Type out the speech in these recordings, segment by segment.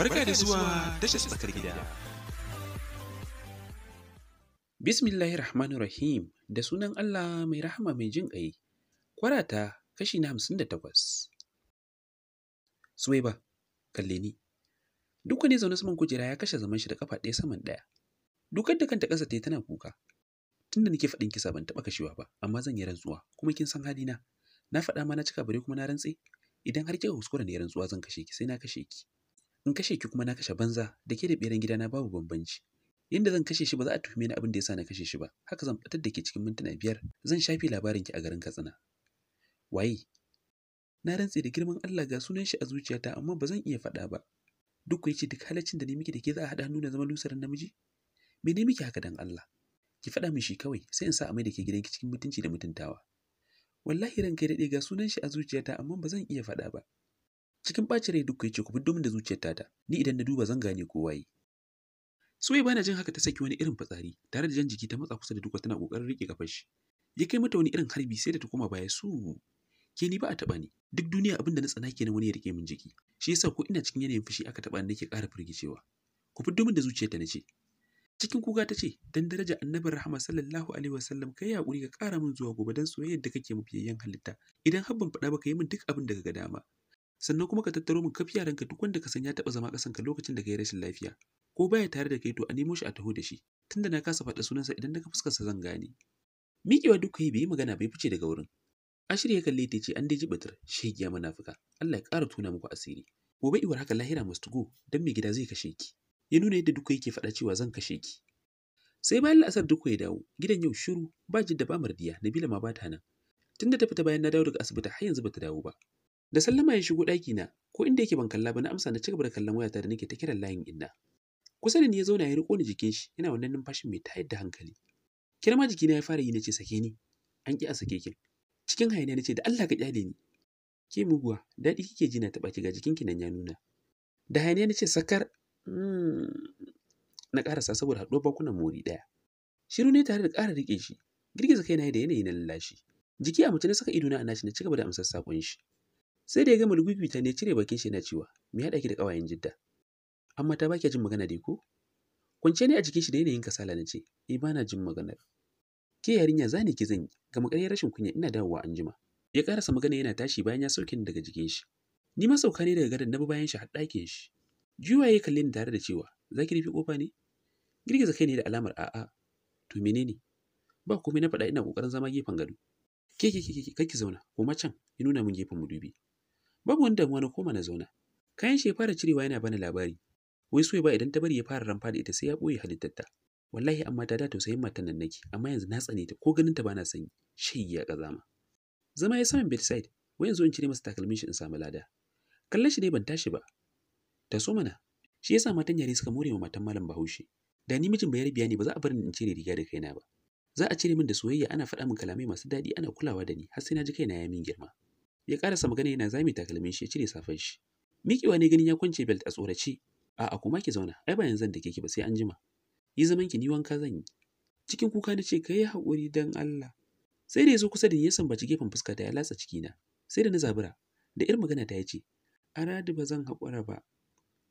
Barka da zuwa tashar tsakar gida. Bismillahir Rahmanir Rahim da sunan Allah mai rahama mai jin ƙai. Kwarata kashi na hamsin da takwas. ba kalle ni. Duk wani zaune saman kujera ya kashe zaman shi da kafa ɗaya saman ɗaya. Dukar da kanta ƙasa ta tana kuka. Tunda nake faɗin kisa ban taɓa kashewa ba, amma zan yi rantsuwa, kuma kin san halina. Na faɗa ma na cika bare kuma na rantse. Idan har kika kuskura ne rantsuwa zan kashe ki, sai na kashe ki. in kashe ki kuma na kashe banza da ke da gida gidana babu bambanci yanda zan kashe shi ba za a tuhume ni abin da yasa na kashe shi ba haka zan fitar da ke cikin mintuna biyar zan shafi labarin ki a garin katsina waye na rantse da girman Allah ga sunan shi a zuciyata amma ba zan iya faɗa ba duk kuwa ce duk halaccin da ne miki da ke za a haɗa hannu na zama lusarin namiji me ne miki haka dan Allah ki faɗa min shi kawai sai in sa a mai da ke gidanki cikin mutunci da mutuntawa wallahi ranka ya daɗe ga sunan shi a zuciyata amma ba zan iya faɗa ba cikin ɓacin rai duk ya ce ku bi domin da zuciyar tata ni idan na duba zan gane ko waye Suwai bana jin haka ta saki wani irin fitsari tare da jan jiki ta matsa kusa da duka tana kokarin rike kafar shi ya kai mata wani irin harbi sai da ta koma baya su ke ni ba a taba ni duk duniya abin da na tsana kenan wani ya rike min jiki shi yasa ko ina cikin yanayin fushi aka taba ni nake ƙara firgicewa ku fi domin da zuciyarta na ce cikin kuga ta ce dan daraja annabi rahama sallallahu alaihi wasallam kai hakuri ka ƙara min zuwa gobe dan soyayyar da kake mafiyayyen halitta idan habban faɗa ka yi min duk abin da kaga dama sannan kuma ka tattaro min kafi yaranka duk wanda ka san ya taɓa zama ƙasanka lokacin da ka yi rashin lafiya ko baya tare da kai to a nemo shi a taho da shi tunda na kasa faɗa sunansa idan daga fuskarsa zan gane miƙewa duk kai bai yi magana bai fice daga wurin ashir ya kalle ta ce an daji batar shegiya munafuka Allah ya ƙara tuna muku asiri gobe iwar haka lahira must go dan mai gida zai kashe ki ya nuna yadda duka yake faɗa cewa zan kashe ki sai bayan la'asar duka ya dawo gidan yau shiru ba jidda ba mardiya nabila ma ba ta nan tunda ta fita bayan na dawo daga asibiti har yanzu bata dawo ba Da sallama ya shigo na ko inda yake ban kalla ba na amsa na cigaba da kallon wayata da nake ta kiran layin inna. Kusa da ni ya zauna ya riko ni jikin shi, yana wannan numfashin mai tayar da hankali. kirma jiki jikina ya fara yi nace sake ni. An ki a sake ki. Cikin hayaniya nace da Allah ka kyale ni. Ke muguwa, daɗi kike ji na taɓa ki ga ki nan ya nuna. Da hayaniya nace sakar hmm, na ƙarasa saboda haɗuwar bakunan mori ɗaya. Shiru ne tare da ƙara riƙe shi, girgiza kaina da yanayi na lallashi. Jiki a mace na saka ido a nashi na gaba da amsar saƙon shi. sai da ya gama ta ne cire bakin shi na cewa me ya daki da kawayen jidda amma ta baki jin magana dai ko kwance ne a jikin shi da yanayin kasala na ce eh bana jin maganar ke yarinya zani ki zan yi ga makariyar rashin kunya ina dawowa anjima ya karasa magana yana tashi bayan ya sauke ni daga jikin shi ni ma sauka ne daga gadon na bi bayan shi har ɗakin shi juwa ya kalle ni tare da cewa za ki rufe kofa ne girgiza kai ne da alamar a'a to ne. ba komai na faɗa ina ƙoƙarin zama gefen gado ke ke ke ki zauna ko can ya nuna min gefen mu dubi babu wani damuwa na koma na zauna kayan shi ya fara cirewa yana bani labari wai so ba idan ta bari ya fara ramfa da ita sai ya ɓoye halittarta wallahi amma ta da tausayin matan nan nake amma yanzu na tsane ta ko ganin ta bana sanyi shi ya kazama zama ya saman bedside wai yanzu in cire masa takalmin shi in samu lada kallon shi dai ban tashi ba ta so mana shi yasa matan yare suka more wa matan malam bahaushe da ni mijin bayar biya ne ba za a bar ni in cire riga da kaina ba za a cire min da soyayya ana faɗa min kalamai masu daɗi ana kulawa da ni har sai na ji kaina ya min girma ya karasa magana yana zame takalmin shi ya cire safan shi miƙewa ne ganin ya kwance belt a tsorace a'a kuma ki zauna ai ba yanzu da kike ba sai an jima yi zaman ki ni wanka zan yi cikin kuka na ce ka yi haƙuri don Allah sai da ya zo kusa da ni ya sambaci gefen fuska ta ya latsa cikina sai da na zabura da irin magana ta ya ce aradu ba zan haƙura ba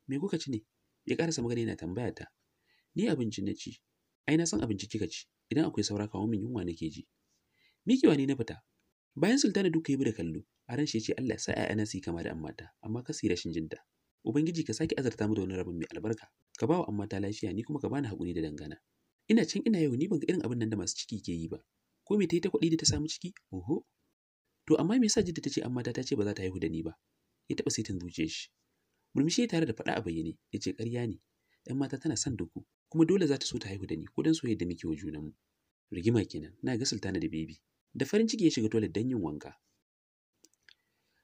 me kuka ci ne ya karasa magana yana tambaya ta ni abinci na ci ai na san abinci kika ci idan akwai saura kawo min yunwa nake ji miki ne na fita Bayan Sultana duka ya bi da kallo, a ran shi ya ce Allah ya sa ‘ya'yana su yi kama da ammata, amma ka su shin jinta. Ubangiji ka sake azarta mu da wani rabin mai albarka, ka ba wa Amata lafiya ni kuma ka bani hakuri da dangana. Ina can ina yau ni ban ga irin abin nan da masu ciki ke yi ba. Ko me ta yi ta kuɗi da ta samu ciki? Oho. To amma me yasa jinta ta ce ammata ta ce ba za ta haihu da ni ba? Ya taɓa saitin zuciyar shi. Murmushi tare da faɗa a bayyane, ya ce ƙarya ne, ‘yan mata tana son duku, kuma dole za ta so ta haihu da ni ko don soyayya da muke wa junanmu. Rigima kenan, na ga sultana da bebi. da farin ciki ya shiga toilet don yin wanka.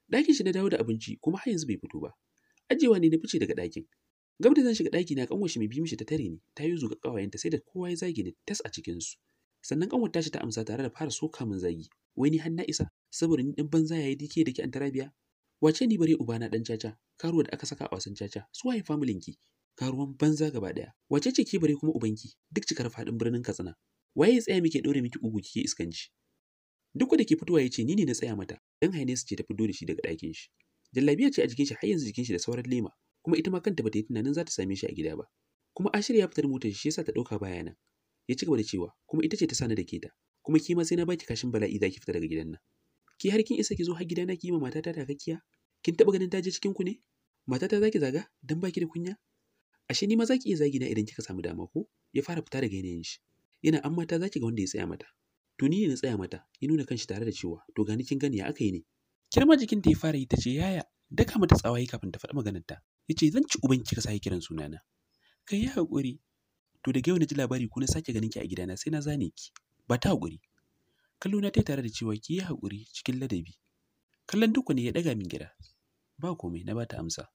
Ɗakin shi na dawo da abinci kuma har yanzu bai fito ba. Ajewa ne na fice daga ɗakin. Gab da zan shiga ɗaki na kanwar shi mai bi mishi ta tare ni, ta yi zuga ƙawayenta sai da kowa ya zage ni tas a cikin su. Sannan kanwar tashi ta amsa tare da fara soka min zagi. Wai ni har na isa saboda ni dan banza ya yi dike da ke an biya. Wace ni bare uba na dan caca, karuwa da aka saka a wasan caca, su waye familin ki? Karuwan banza gaba ɗaya Wace ce ki bare kuma ubanki? Duk cikar faɗin birnin Katsina. Waye ya tsaya muke ɗore miki ugu kike iskanci? Duk da ke fitowa ya ce ni ne na tsaya mata, dan haine su ce ta fito da shi daga ɗakin shi. Jallabiya ce a jikin shi har yanzu jikin shi da sauran lema, kuma ita ma kanta bata yi tunanin za ta same shi a gida ba. Kuma Ashir ya fitar motar shi yasa ta ɗauka baya nan. Ya ci gaba da cewa kuma ita ce ta sani da ke ta, kuma kima sai na baki kashin bala'i za ki fita daga gidan nan. Ki har kin isa ki zo har gidana ki yi ma matata kakkiya Kin taɓa ganin ta je cikin ku ne? Matata za ki zaga dan baki da kunya? Ashe ni ma za ki iya zagina idan kika samu dama ko? Ya fara fita daga yanayin shi. Yana amma ta za ga wanda ya tsaya mata. to ni na tsaya mata ya nuna kanshi tare da cewa to gani kin gani ya aka yi ne kirma jikin ta ya fara yi ta ce yaya daka mata tsawaye kafin ta faɗi maganar ta yace zan ci uban kika sai kiran sunana kai ya hakuri to da yau na ji labari ko na sake ganin ki a gidana sai na zane ki ba ta hakuri kallo na ta tare da cewa ki yi hakuri cikin ladabi kallon duk ne ya daga min gida ba komai na bata amsa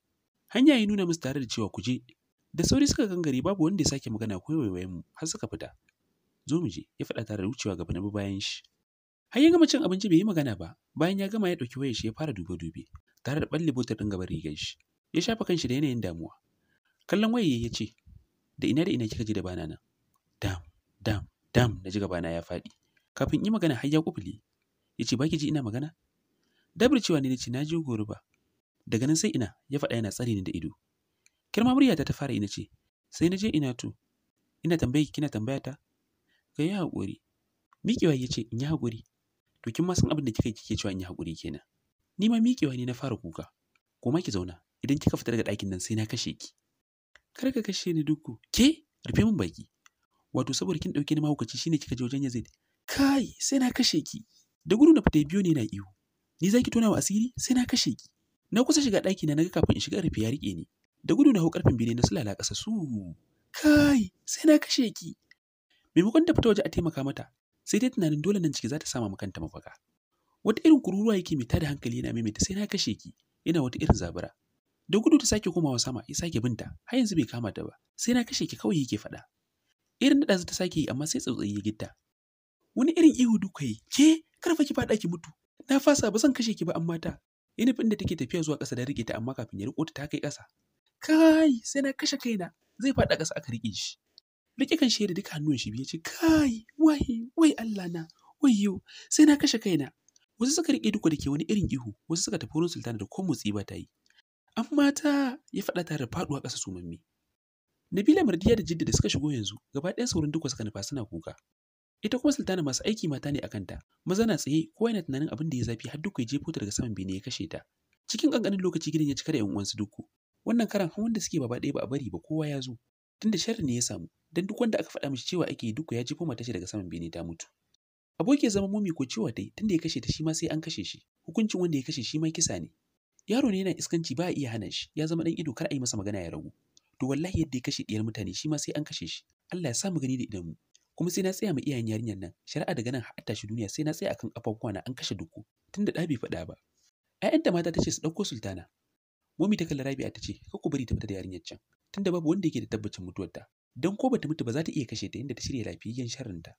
hanya ya nuna musu tare da cewa ku je da sauri suka gangare babu wanda ya sake magana ko waiwayen mu har suka fita zo mu je ya faɗa tare da wucewa gaba na bayan shi har ya gama cin abinci bai yi magana ba bayan ya gama ya ɗauki wayar shi ya fara dube dube tare da balle botar ɗin gaban rigar shi ya shafa kanshi da yanayin damuwa kallon waye ya ce da ina da ina kika ji da bana nan dam dam dam na ji na ya faɗi kafin yi magana har ya kufule ya ce ba ki ji ina magana dabir cewa ne na ce na ji gori ba daga nan sai ina ya faɗa yana tsari ni da ido kirma muryata ta fara ina ce sai na je ina to ina tambaye kina tambaya ka yi haƙuri miƙewa ya ce in yi haƙuri to kin ma san abin da kika kike cewa in yi haƙuri kenan ni ma miƙewa ne na fara kuka koma ki zauna idan kika fita daga ɗakin nan sai na kashe ki kar ka kashe ni dukku ke rufe min baki wato saboda kin ɗauke ni mahaukaci shine kika je wajen Yazid kai sai na kashe ki da gudu na fita biyo ne na ihu. ni zaki tona wa asiri sai na kashe ki na kusa shiga ɗaki na naga kafin in shiga rufe ya riƙe ni da gudu na hau ƙarfin bene na sulala ƙasa su kai sai na kashe ki maimakon ta fita waje a taimaka mata sai dai tunanin dole nan ciki za ta sama kanta mafaka wata irin kururuwa yake mai tada hankali yana maimaita sai na kashe ki yana wata irin zabura da gudu ta sake komawa sama ya sake binta har yanzu bai kama ta ba sai na kashe ki kawai yake faɗa irin da ta sake yi amma sai tsautsayi ya gitta wani irin ihu duka yi ke karfa ki faɗa ki mutu na fasa ba zan kashe ki ba amma ta ina fin da take tafiya zuwa ƙasa da rike ta amma kafin ya riko ta ta kai ƙasa kai sai na kashe kaina zai faɗa ƙasa aka rike shi riƙe kan shi da duka hannun shi biyu ya ce kai wai wai Allah na wai yau, sai na kashe kaina wasu suka riƙe duka da ke wani irin ihu wasu suka tafi wurin sultana da ko motsi ba ta yi An ta ya faɗa tare da faɗuwa ƙasa sumanmi Nabila Mardiya da Jidda da suka shigo yanzu gaba ɗaya saurin duka suka nufa suna kuka ita kuma sultana masu aiki mata ne a kanta maza na tsaye ko yana tunanin abin da ya zafi har duka ya jefo ta daga saman bene ya kashe ta cikin kankanin lokaci gidan ya cika da yan uwansu duku wannan karan hawan da suke baba ɗaya ba a bari ba kowa ya zo tunda sharri ne ya samu don duk wanda aka faɗa mishi cewa ake yi duka ya ji mata shi daga saman bene ta mutu aboki zama Mumi ko cewa dai tunda ya kashe ta shi ma sai an kashe shi hukuncin wanda ya kashe shi ma kisa ne yaro ne yana iskanci ba a iya hana shi ya zama dan ido kar a yi masa magana ya ragu to wallahi yadda ya kashe diyar mutane shi ma sai an kashe shi Allah ya sa mu gani da idan kuma sai na tsaya ma iyayen yarinyar nan shari'a daga nan har tashi duniya sai na tsaya akan kafafuwa na an kashe duku tunda da bai faɗa ba Ya'yanta mata ta ce su ɗauko sultana Mumi ta kalla rabi'a tace ka ku bari ta fita da yarinyar can tunda babu wanda yake da tabbacin mutuwarta don ko bata mutu ba za ta iya kashe ta inda ta shirya lafiyayyen sharrinta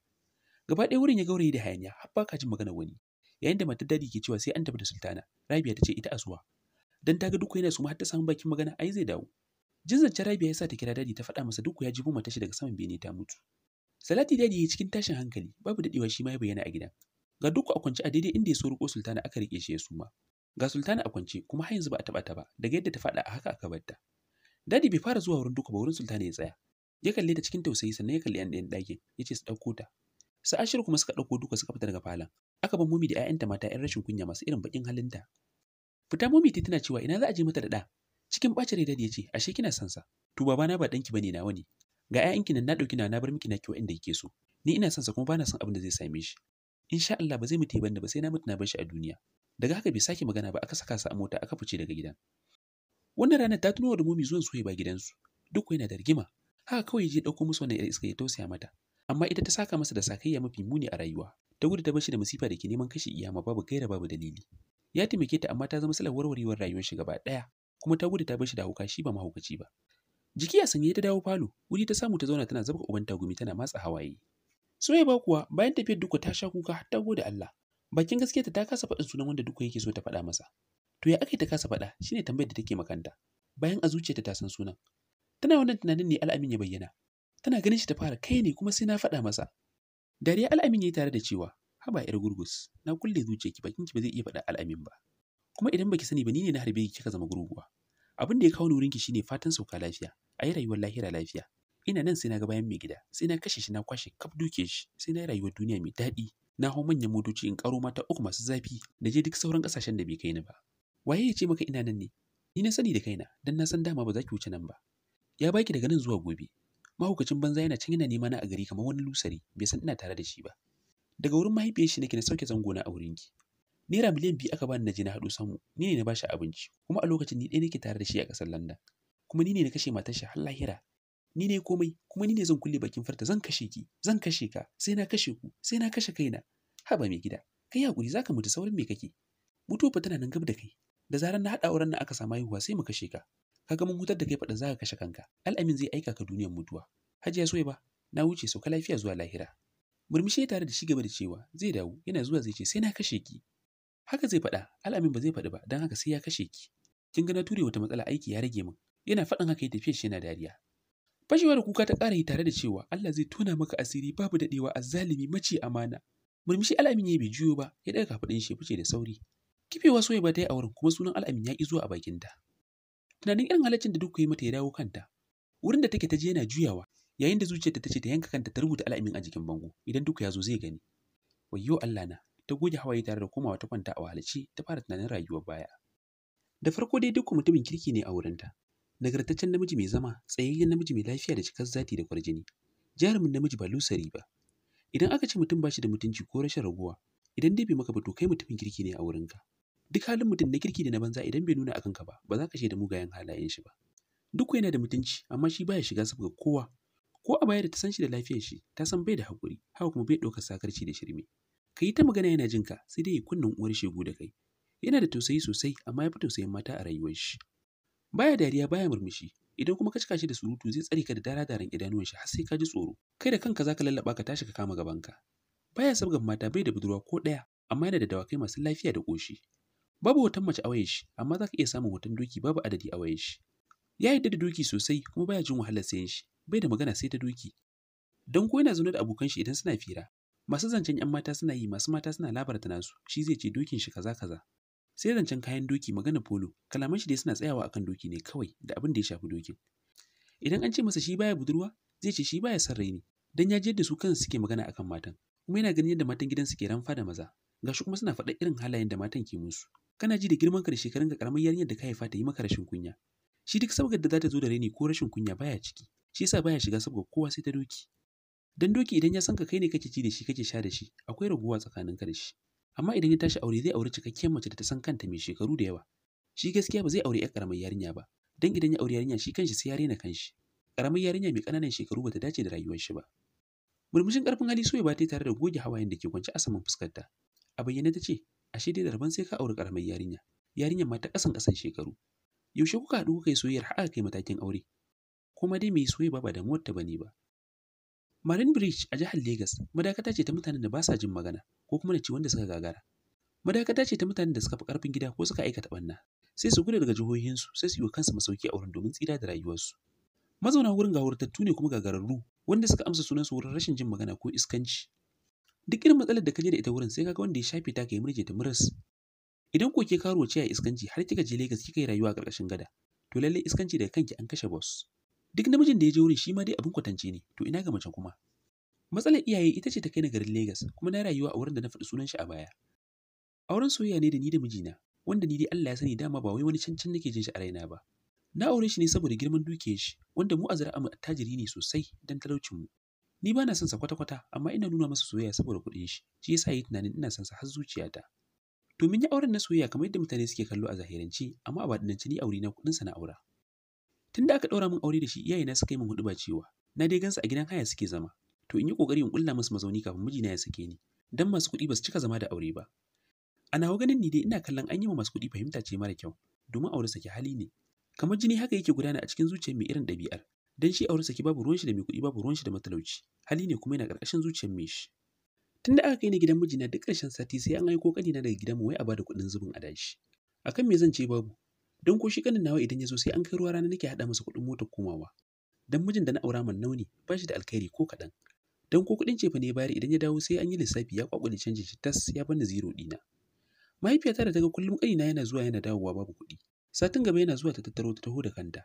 gaba ɗaya wurin ya gaurayi da hayaniya har ba ka ji magana wani yayin da matar dadi ke cewa sai an tafi da sultana rabiya ta ce ita asuwa dan ta ga duk yana suma har ta samu bakin magana ai zai dawo jinzancin rabiya ya sa ta kira dadi ta faɗa masa duk ya ji buma tashi daga saman bene ta mutu salati dadi ya cikin tashin hankali babu dadewa shi ma ya bayyana a gidan ga duk a kwance a daidai inda ya so riko sultana aka rike shi ya suma ga sultana a kwance kuma har yanzu ba a taba ta ba daga yadda ta faɗa a haka aka bar ta dadi bai fara zuwa wurin duka ba wurin sultana ya tsaya ya kalle ta cikin tausayi sannan ya kalli yan ɗayan ɗakin ya ce su ɗauko ta su ashiru kuma suka ɗauko duka suka fita daga falon aka ban mumi da 'ya'yanta mata 'yan rashin kunya masu irin baƙin halinta fita mumi ta tana cewa ina za a je mata da ɗa cikin ɓacin rai dadi ya ce ashe kina son sa to babana ba ɗanki bane nawa ne ga 'ya'yanki nan na ɗauki na na bar miki na naki inda kike so ni ina son sa kuma bana son abin da zai same shi insha Allah ba zai mutu da ba sai na mutu na bar shi a duniya daga haka bai sake magana ba aka saka sa a mota aka fice daga gidan wannan ranar ta tuno da mumi zuwan soyayya ba gidansu duk yana da rigima haka kawai je ɗauko musu wannan iska ya tausaya mata amma ita ta saka masa da sakayya mafi muni a rayuwa ta gudu ta bashi da masifa da ke neman kashe iyama babu gaira babu dalili ya taimake ta amma ta zama salar warwarewar rayuwar shi gaba ɗaya kuma ta gudu ta bashi da hauka shi ba mahaukaci ba jiki a sanye ta dawo falo wuri ta samu ta zauna tana zabka uban tagumi tana matsa hawaye soyayya kuwa bayan tafiyar duka ta sha kuka har ta gode Allah bakin gaskiya ta kasa faɗin sunan wanda duka yake so ta faɗa masa to ya aka ta kasa faɗa shine tambayar da take makanta bayan a zuciyarta ta san sunan tana wannan tunanin ne al'amin ya bayyana tana ganin shi ta fara kai ne kuma sai na faɗa masa dariya al'amin ya yi tare da cewa haba yar gurgus na kulle ki bakin ki ba zai iya faɗa al'amin ba kuma idan baki sani ba ni ne na harbe ki kika zama gurguwa abin da ya kawo ki shine fatan sauka lafiya a yi rayuwar lahira lafiya ina nan sai na ga bayan mai gida sai na kashe shi na kwashe kaf duke shi sai na yi rayuwar duniya mai daɗi na hau manyan motoci in karo mata uku masu zafi da je duk sauran ƙasashen da bai kai ni ba waye ya ce maka ina nan ne ni na sani da kaina dan na san dama ba za ki wuce nan ba ya baki daga nan zuwa gobe mahaukacin banza yana can yana nema na a gari kamar wani lusari bai san ina tare da shi ba daga wurin mahaifiyar shi nake na sauke zango na wurin ki naira miliyan biyu aka bani na je na haɗo samu ni ne na bashi abinci kuma a lokacin ni ɗaya nake tare da shi a ƙasar Landan. kuma ni ne na kashe matar shi har lahira ni ne komai kuma ni ne zan kulle bakin farta zan kashe ki zan kashe ka sai na kashe ku sai na kashe kaina haba mai gida kai hakuri zaka mutu saurin me kake mutuwa fa tana nan gab da kai da zarar na haɗa auren nan aka samu haihuwa sai mu kashe ka kaga mun hutar da kai faɗin zaka kashe kanka al'amin zai aika ka duniyar mutuwa ya soya ba na wuce sauka lafiya zuwa lahira murmushi tare da shi gaba da cewa zai dawo yana zuwa zai ce sai na kashe ki haka zai faɗa al'amin ba zai faɗi ba don haka sai ya kashe ki kin ga na ture wata matsala aiki ya rage min yana faɗin haka ya tafi shi yana dariya fashewa da kuka ta ƙara yi tare da cewa Allah zai tona maka asiri babu daɗewa zalimi mace amana murmushi al'amin ya bai juyo ba ya daga kafaɗin shi fice da sauri kifewa soyayya ba ta yi a wurin kuma sunan al'amin ya ƙi zuwa a bakinta tunanin irin halaccin da duk mata ya dawo kanta wurin da take ta je yana juyawa yayin da zuciyarta ta ce ta yanka kanta ta rubuta al'amin a jikin bango idan duk ya zo zai gani wayyo Allah na ta goge hawaye tare da komawa ta kwanta a wahalci ta fara tunanin rayuwar baya da farko dai duk mutumin kirki ne a wurinta nagartaccen namiji mai zama tsayayyen namiji mai lafiya da cikar zati da kwarjini jarumin namiji ba lusari ba idan aka ce mutum bashi da mutunci ko rashin raguwa idan dai bai maka ba to kai mutumin kirki ne a wurinka duk halin mutum na kirki da na banza idan bai nuna akan ka ba ba za ka da mugayen halayen shi ba duk yana da mutunci amma shi baya shiga saboda kowa ko a baya da ta san shi da lafiyar shi ta san bai da hakuri haka kuma bai ɗaukar sakarci da shirme ka yi ta magana yana jin ka sai dai ya kunnen uwar shegu da kai yana da tausayi sosai amma ya fi tausayin mata a rayuwar shi baya dariya baya murmushi idan kuma ka cika shi da surutu zai tsare ka da daradaran idanuwan shi har sai ka ji tsoro kai da kanka zaka lallaba ka tashi ka kama gabanka baya sabgan mata bai da budurwa ko ɗaya amma yana da dawakai masu lafiya da ƙoshi Babu hoton mace a wayan shi, amma za iya samun hoton doki babu adadi a wayan shi. Ya yadda da doki sosai kuma baya jin wahalar sayan shi, bai da magana sai ta doki. Don ko yana zaune da abokan shi idan suna fira, masu zancen 'yan mata suna yi masu mata suna labarta nasu, shi zai ce dokin shi kaza kaza. Sai zancen kayan doki magana polo, kalaman shi dai suna tsayawa akan doki ne kawai da abin da ya shafi dokin. Idan an ce masa shi baya budurwa, zai ce shi baya son raini, dan ya ji yadda su kansu suke magana akan matan, kuma yana ganin yadda matan gidan suke ranfa da maza. Gashi kuma suna faɗa irin halayen da matan ke musu. kana ji da girman ka da shekarun ka karamar yarinyar da ka haifa ta yi maka rashin kunya shi duk sabgar da za ta zo da raini ko rashin kunya baya ciki shi yasa baya shiga saboda kowa sai ta doki dan doki idan ya san ka kai ne kake ji da shi kake sha da shi akwai raguwa tsakanin ka da shi amma idan ya tashi aure zai aure cikakkiyar mace da ta san kanta mai shekaru da yawa shi gaskiya ba zai aure yar karamar yarinya ba dan idan ya aure yarinya shi kanshi sai ya rena kanshi karamar yarinya mai kananan shekaru bata dace da rayuwar shi ba murmushin karfin hali soya ba ta tare da goge hawayen da ke kwance a saman ta a bayyane ta ce ashe dai da rabon sai ka auri karamar yarinya yarinyar ma ta kasan kasan shekaru yaushe kuka haɗu kuka yi soyayyar har kai matakin aure kuma dai mai soyayya ba da muwarta bane ba Marine Bridge a jihar Lagos madakata ce ta mutanen da ba sa jin magana ko kuma na ci wanda suka gagara madakata ce ta mutanen da suka fi karfin gida ko suka aikata banna sai su gudu daga jihohinsu sai su yi kansu masauki a wurin domin tsira da rayuwarsu mazauna wurin gawurtattu ne kuma gagararru wanda suka amsa sunansu wurin rashin jin magana ko iskanci duk irin matsalar da ka je da ita wurin sai kaga wanda ya shafe ta kai murje ta muras idan ko ke karo ce a iskanci har kika je Lagos kika yi rayuwa a ƙarƙashin gada to lalle iskanci daga kanki an kashe boss duk namijin da ya je wurin shi ma dai abin kwatance ne to ina ga mace kuma matsalar iyaye ita ce ta kai na garin Lagos kuma na rayuwa a wurin da na faɗi sunan shi a baya auren soyayya ne da ni da mijina wanda ni dai Allah ya sani dama ba wai wani cancan nake jin shi a raina ba na aure shi ne saboda girman dukiyar shi wanda mu a zara'a mu attajiri ne sosai dan talaucin mu ni ba na son sa kwata-kwata amma ina nuna masa soyayya saboda kuɗin shi shi yasa yi tunanin ina son sa har zuciyata to mun yi auren na soyayya kamar yadda mutane suke kallo a zahirance amma a baɗinance ni aure na kuɗin sa na aura tun da aka ɗaura min aure da shi iyayena suka yi min ba cewa na dai gansa a gidan haya suke zama to in yi ƙoƙari in ƙulla musu mazauni kafin mijina ya sake ni dan masu kuɗi ba su cika zama da aure ba a nawa ganin ni dai ina kallon an yi ma masu kuɗi fahimta ce mara kyau domin aure sake hali ne kamar jini haka yake gudana a cikin zuciyar mai irin ɗabi'ar dan shi auren saki babu ruwan shi da mai kuɗi babu ruwan shi da matalauci hali ne kuma yana karkashin zuciyar mai shi tun da aka kai ni gidan mijina duk ƙarshen sati sai an aiko na daga gidan mu wai a bada kuɗin zubin adashi akan me zan ce babu don ko shi kanin nawa idan ya zo sai an kai ruwa rana nake haɗa masa kuɗin motar komawa dan mijin da na aura man nauni ba shi da alkhairi ko kaɗan dan ko kuɗin cefa ne bari idan ya dawo sai an yi lissafi ya kwakwale canjin shi tas ya bani zero ɗina mahaifiyata da ta ga kullum ƙanina yana zuwa yana dawowa babu kuɗi satin gaba yana zuwa ta tattaro ta taho da kanta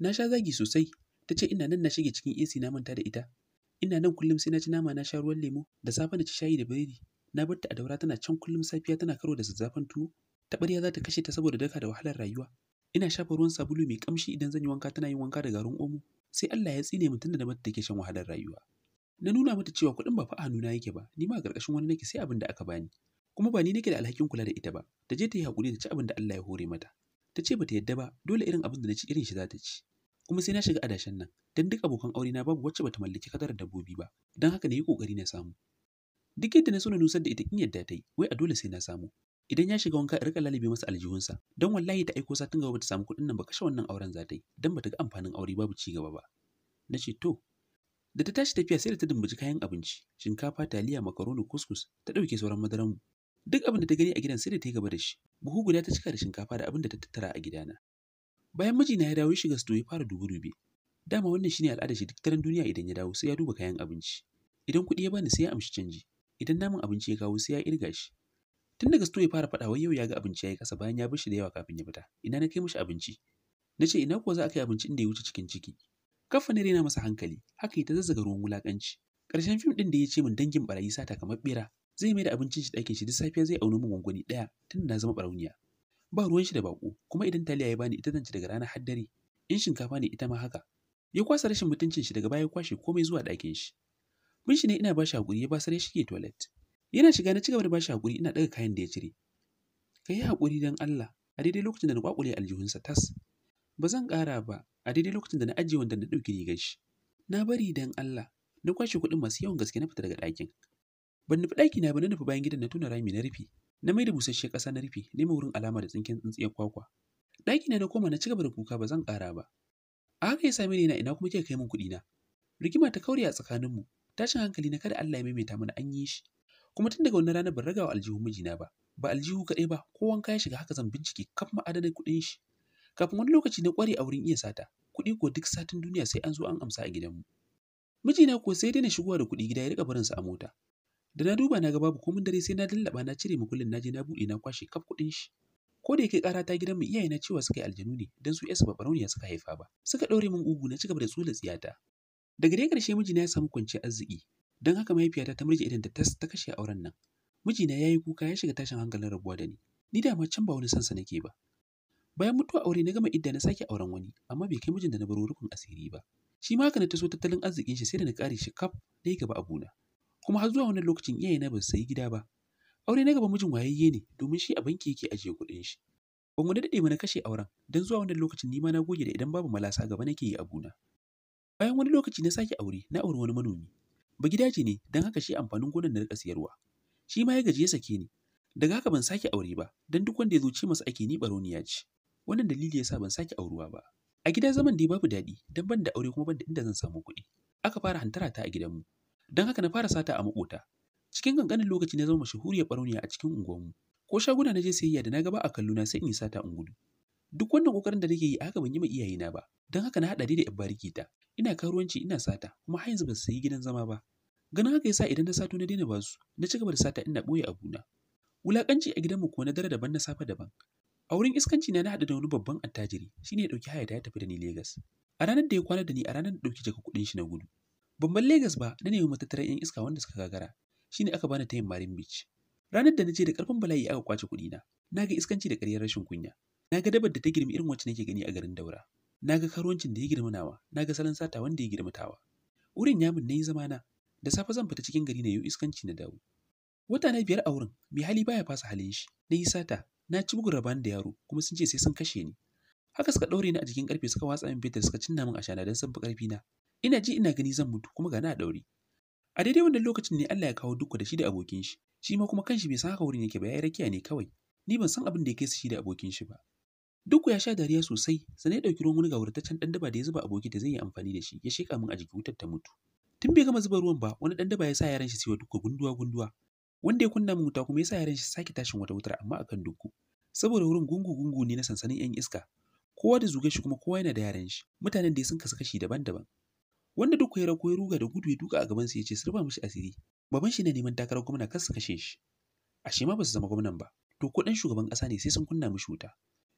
na sha zagi sosai ta ce ina nan na shige cikin AC na manta da ita ina nan kullum sai na ci nama na sha ruwan lemo da safe na ci shayi da biredi na bar ta a daura tana can kullum safiya tana karo da zazzafan tuwo taɓarya za ta kashe ta saboda daka da wahalar rayuwa ina shafa ruwan sabulu mai kamshi idan zan yi wanka tana yin wanka da garin omo sai Allah ya tsine mutum da mata take shan wahalar rayuwa na nuna mata cewa kuɗin ba fa a hannuna yake ba ni ma a ƙarƙashin wani nake sai abin da aka bani kuma ba ni nake da alhakin kula da ita ba ta je ta yi hakuri da ci abin da Allah ya hore mata ta ce bata yadda ba dole irin abin da na ci irin shi za ta ci kuma sai na shiga adashin nan don duk abokan aure na babu wacce bata mallaki kadarar dabbobi ba don haka na yi kokari na samu duk yadda na so na nusar da ita kin yadda ta yi wai a dole sai na samu idan ya shiga wanka rika lalabe masa aljihunsa don wallahi ta aiko satin gaba bata samu kuɗin nan ba kashe wannan auren za ta yi don bata ga amfanin aure babu ci gaba ba na ce to da ta tashi tafiya sai da ta dumbuji kayan abinci shinkafa taliya makaroni kuskus ta ɗauke sauran madaran duk abin da ta gani a gidan sai da ta yi gaba da shi buhu guda ta cika da shinkafa da abin da ta tattara a gidana bayan mijina ya dawo ya shiga sto ya fara dubu dube dama wannan shine al'ada shi duk daren duniya idan ya dawo sai ya duba kayan abinci idan kuɗi ya bani sai ya amshi canji idan naman abinci ya kawo sai ya irga shi tun daga sto ya fara faɗa wai yau ya ga abinci ya yi ƙasa bayan ya bar shi da yawa kafin ya fita ina na kai mishi abinci na ce ina kuwa za a kai abinci inda ya wuce cikin ciki kafa ne rena masa hankali haka ita zazzaga ruwan wulakanci ƙarshen fim ɗin da ya ce min dangin barayi sata kamar bera zai mai da abincin shi ɗakin shi duk safiya zai auna min gwangwani ɗaya tun da na zama barauniya ba ruwan shi da baƙo kuma idan taliya ya bani ita zan ci daga rana har dare in shinkafa ne ita ma haka ya kwasa rashin mutuncin shi daga baya ya kwashe komai zuwa ɗakin shi bin shi ne ina ba shi haƙuri ya ba sare shi ke toilet yana shiga na cigaba da ba shi haƙuri ina ɗaga kayan da ya cire ka yi haƙuri don Allah a daidai lokacin da na ƙwaƙule aljihunsa tas ba zan ƙara ba a daidai lokacin da na ajiye wanda na ɗauki rigar shi na bari don Allah na kwashe kuɗin masu yawan gaske na fita daga ɗakin ban nufi ɗaki na ba na nufi bayan gidan na tuna rami na rufe na mai da busasshe ƙasa na rufe nemi wurin alama da tsinken tsintsiyar kwakwa ɗaki na na koma na cigaba da kuka ba zan ƙara ba a haka ya same ni na ina kuma ke kai min kuɗi na rigima ta kauri a tsakaninmu tashin hankali na kada Allah ya maimaita mana an yi shi kuma tun daga wannan ranar ban ragawa aljihu mijina ba ba aljihu kaɗai ba ko wanka ya shiga haka zan bincike kaf ma'adanan kuɗin shi kafin wani lokaci na ƙware a wurin iya sata kuɗi ko duk satin duniya sai an zo an amsa a gidanmu mijina ko sai dai na shigowa da kuɗi gida ya riƙa barinsa a mota da na duba na ga babu komin dare sai na dallaba na cire mukullin naje na buɗe na kwashe kaf kuɗin shi ko da yake ƙara ta gidanmu iyaye na cewa suka yi aljanu ne dan su yasu babarauniya suka haifa ba suka ɗaure min ugu na gaba da tsula tsiyata daga dai ƙarshe mijina ya samu kwanciyar arziki don haka mahaifiyata ta murje idan ta tas ta kashe auren nan mijina ya yi kuka ya shiga tashin hankalin rabuwa da ni ni da can ba wani sansa nake ba bayan mutuwa aure na gama idda na sake auren wani amma bai kai mijin da na baro rufin asiri ba shi ma haka na taso tattalin arzikin shi sai da na kare shi kaf na gaba abuna kuma har zuwa wannan lokacin iyaye na ba su sayi gida ba aure na gaba mijin wayayye ne domin shi a banki yake ajiye kuɗin shi ban wani daɗe na kashe auren don zuwa wannan lokacin nima na goge da idan babu malasa gaba nake yi abuna bayan wani lokaci na sake aure na auri wani manomi ba gidaje ne don haka shi amfanin gonan na rika siyarwa shi ma ya gaji ya sake ni daga haka ban sake aure ba don duk wanda ya zo ce masa ake ni baroniya ce wannan dalili yasa ban sake auruwa ba a gida zaman dai babu daɗi don ban da aure kuma ban da inda zan samu kuɗi aka fara hantara ta a gidanmu don haka na fara sata a makota cikin kankanin lokaci na zama mashahuriyar ɓarauniya a cikin unguwarmu ko shaguna na je sayayya da na gaba a kalluna sai in yi sata in gudu duk wannan kokarin da nake yi haka ban yi ma iyayena ba don haka na haɗa da yan bariki ta ina karuwanci ina sata kuma har yanzu ba sayi gidan zama ba ganin haka yasa idan na sato na daina basu na ci gaba da sata ina ɓoye abuna wulakanci a gidanmu ko na dare daban na safe daban a wurin iskanci na na haɗu da wani babban attajiri shine ya ɗauki haya ta ya tafi da ni Legas a ranar da ya kwana da ni a ranar da ɗauki jaka kuɗin shi na gudu Ban Legas ba na nemi matattarar 'yan iska wanda suka gagara. shi ne aka bani tayin Marin Beach. Ranar da na je da ƙarfin bala'i aka kwace kuɗina. Na ga iskanci da ƙaryar rashin kunya. Na ga dabar da ta girma irin wacce nake gani a garin Daura. Na ga karuwancin da ya girma nawa. Na ga salon sata wanda ya girma tawa. Wurin yamin na yi zamana. Da safe zan fita cikin gari na yi iskanci na dawo. Wata na biyar a wurin, mai hali baya fasa halin shi. Na yi sata, na ci bugun rabani da yaro, kuma sun ce sai sun kashe ni. Haka suka ɗaure ni a jikin ƙarfe suka watsa min fetur suka cinna min ashana don sun fi ƙarfi ina ji ina gani zan mutu kuma ga a ɗauri. a daidai wannan lokacin ne Allah ya kawo dukku da shi da abokin shi shi ma kuma kanshi bai san haka wurin yake ba ya yi rakiya ne kawai ni ban san abin da ya kai su shi da abokin shi ba dukku ya sha dariya sosai sannan ya ɗauki ruwan wani gawurtaccen ɗan daba da ya zuba aboki da zai yi amfani da shi ya sheƙa min a jiki wutar ta mutu tun bai gama zuba ruwan ba wani ɗan daba ya sa yaran shi siwa dukku gunduwa gunduwa wanda ya kunna min wuta kuma ya sa yaran shi sake tashin wata wutar amma akan dukku saboda wurin gungu gungu ne na sansanin yan iska kowa da zugar shi kuma kowa yana da yaran shi mutanen da sun kasu kashi daban-daban wanda duk ya rako ya ruga da gudu ya duka a gabansa ya ce su rufa mishi asiri baban shi ne neman takarar gwamna kar su kashe shi ashe ma ba su zama gwamnan ba to ko shugaban kasa ne sai sun kunna mishi wuta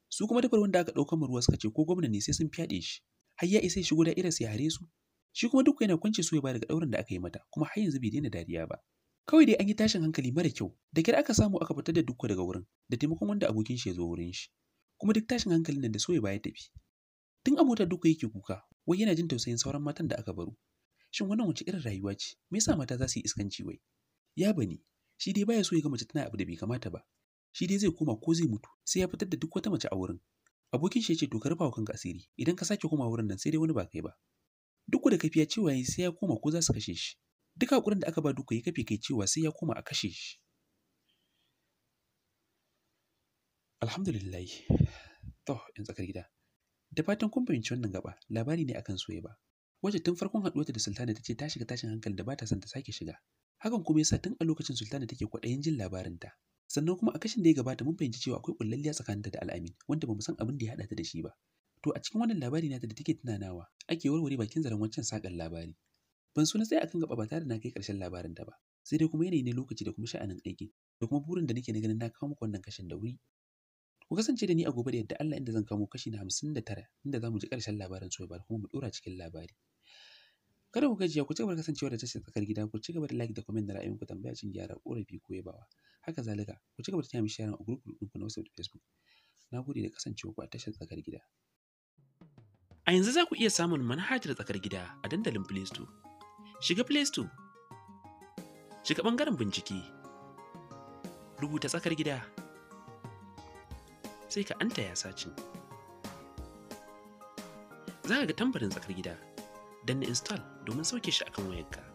su kuma dafar wanda aka ɗaukan ruwa suka ce ko gwamna ne sai sun fyaɗe shi har ya isa shigo da su ya hare su shi kuma duk yana kwance su ya ba daga ɗaurin da aka yi mata kuma har yanzu bai daina dariya ba kawai dai an yi tashin hankali mara kyau da kyar aka samu aka fitar da dukka daga wurin da taimakon wanda abokin shi ya zo wurin shi kuma duk tashin hankalin nan da so ya baya tafi tun a motar dukka yake kuka wai yana jin tausayin sauran matan da aka baro shin wannan wace irin rayuwa ce me yasa mata za su yi iskanci wai ya bani shi dai baya so ya ga mace tana abu da bai kamata ba shi dai zai koma ko zai mutu sai ya fitar da duk wata mace a wurin abokin shi ya ce to ka rufa wa kanka asiri idan ka sake koma wurin nan sai dai wani ba kai ba duk da kafiya cewa yi sai ya koma ko za su kashe shi duk hakurin da aka ba duka yi kafi kai cewa sai ya koma a kashe shi alhamdulillah to in tsakar gida da fatan kun fahimci wannan gaba labari ne akan soyayya wacce tun farkon haduwarta da sultana ta ce ta shiga tashin hankali da ba ta son ta sake shiga hakan kuma yasa tun a lokacin sultana take kwaɗayin jin labarinta sannan kuma a kashin da ya gabata mun fahimci cewa akwai ƙullalliya tsakaninta da al'amin wanda bamu san abin da ya haɗa ta da shi ba to a cikin wannan labari nata da take tunanawa ake warware bakin zaren wancan sakan labari ban suna na tsaya akan gaba ba tare da na kai ƙarshen labarin ta ba sai dai kuma yanayi ne lokaci da kuma sha'anin aiki da kuma burin da nake na ganin na kawo muku wannan kashin da wuri Ku kasance da ni a gobe da yadda Allah inda zan kamo kashi na hamsin da tara inda za mu ji ƙarshen labarin Soyabal kuma mu dora cikin labari. Kada ku gajiya ku ci gaba da kasancewa da tashar tsakar gida ku ci gaba da like da comment da ra'ayinku tambaya cin gyara ƙorafi ko yabawa. Haka zalika ku ci gaba da taya mu sharing a group ɗinku na WhatsApp da Facebook. Na gode da kasancewa ku a tashar tsakar gida. A yanzu za ku iya samun manhajar tsakar gida a dandalin Play Store. Shiga Play Store. Shiga ɓangaren bincike. Rubuta tsakar gida. sai ka anta ya sace za ka ga tambarin tsakar gida dan na install domin sauke shi akan wayarka